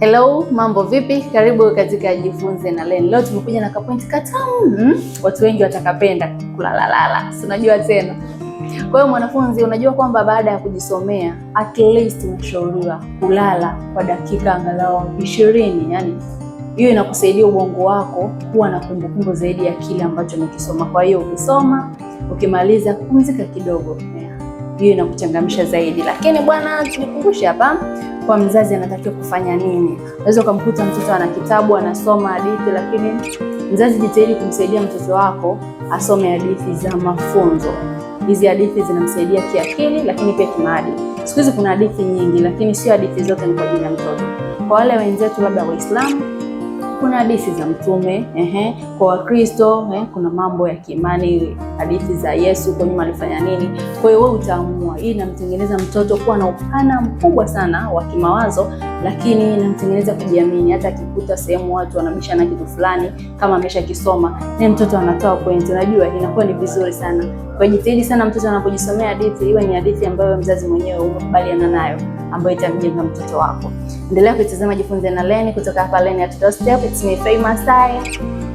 Hello, mambo vipi? Karibu katika Jifunze na Len. Leo tumekuja na kapointi katamu, hmm? watu wengi watakapenda kulalalala, si unajua tena. Kwa hiyo mwanafunzi, unajua kwamba baada ya kujisomea at least unashauriwa kulala kwa dakika angalau ishirini, yani hiyo inakusaidia ubongo wako kuwa na kumbukumbu zaidi ya kile ambacho umekisoma. Kwa hiyo ukisoma, ukimaliza pumzika kidogo, hiyo inakuchangamisha zaidi. Lakini bwana, tunikumbushe hapa kwa mzazi anatakiwa kufanya nini. Unaweza ukamkuta mtoto ana kitabu anasoma hadithi, lakini mzazi jitahidi kumsaidia mtoto wako asome hadithi za mafunzo. Hizi hadithi zinamsaidia kiakili, lakini pia kimaadili. Siku hizi kuna hadithi nyingi, lakini sio hadithi zote ni kwa ajili ya mtoto. Kwa wale wenzetu labda Waislamu kuna hadithi za mtume ehe, kwa Wakristo eh, kuna mambo ya kiimani, hadithi za Yesu kwa nyuma alifanya nini. Kwa hiyo wewe utaamua. Hii inamtengeneza mtoto kuwa na upana mkubwa sana wa kimawazo, lakini inamtengeneza kujiamini. Hata akikuta sehemu watu na kitu fulani, kama ameshakisoma ni mtoto anatoa pointi, unajua inakuwa ni vizuri sana. Kwa jitahidi sana mtoto anapojisomea hadithi, iwe ni hadithi ambayo mzazi mwenyewe umekubaliana nayo, ambayo itamjenga mtoto wako. Endelea kuitazama Jifunze na Leni kutoka hapa Leni at Doorstep. 別にすいません。